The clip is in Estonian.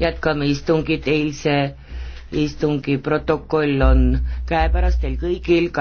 jätkame istungit, eilse istungi protokoll on käepärast teil kõigil.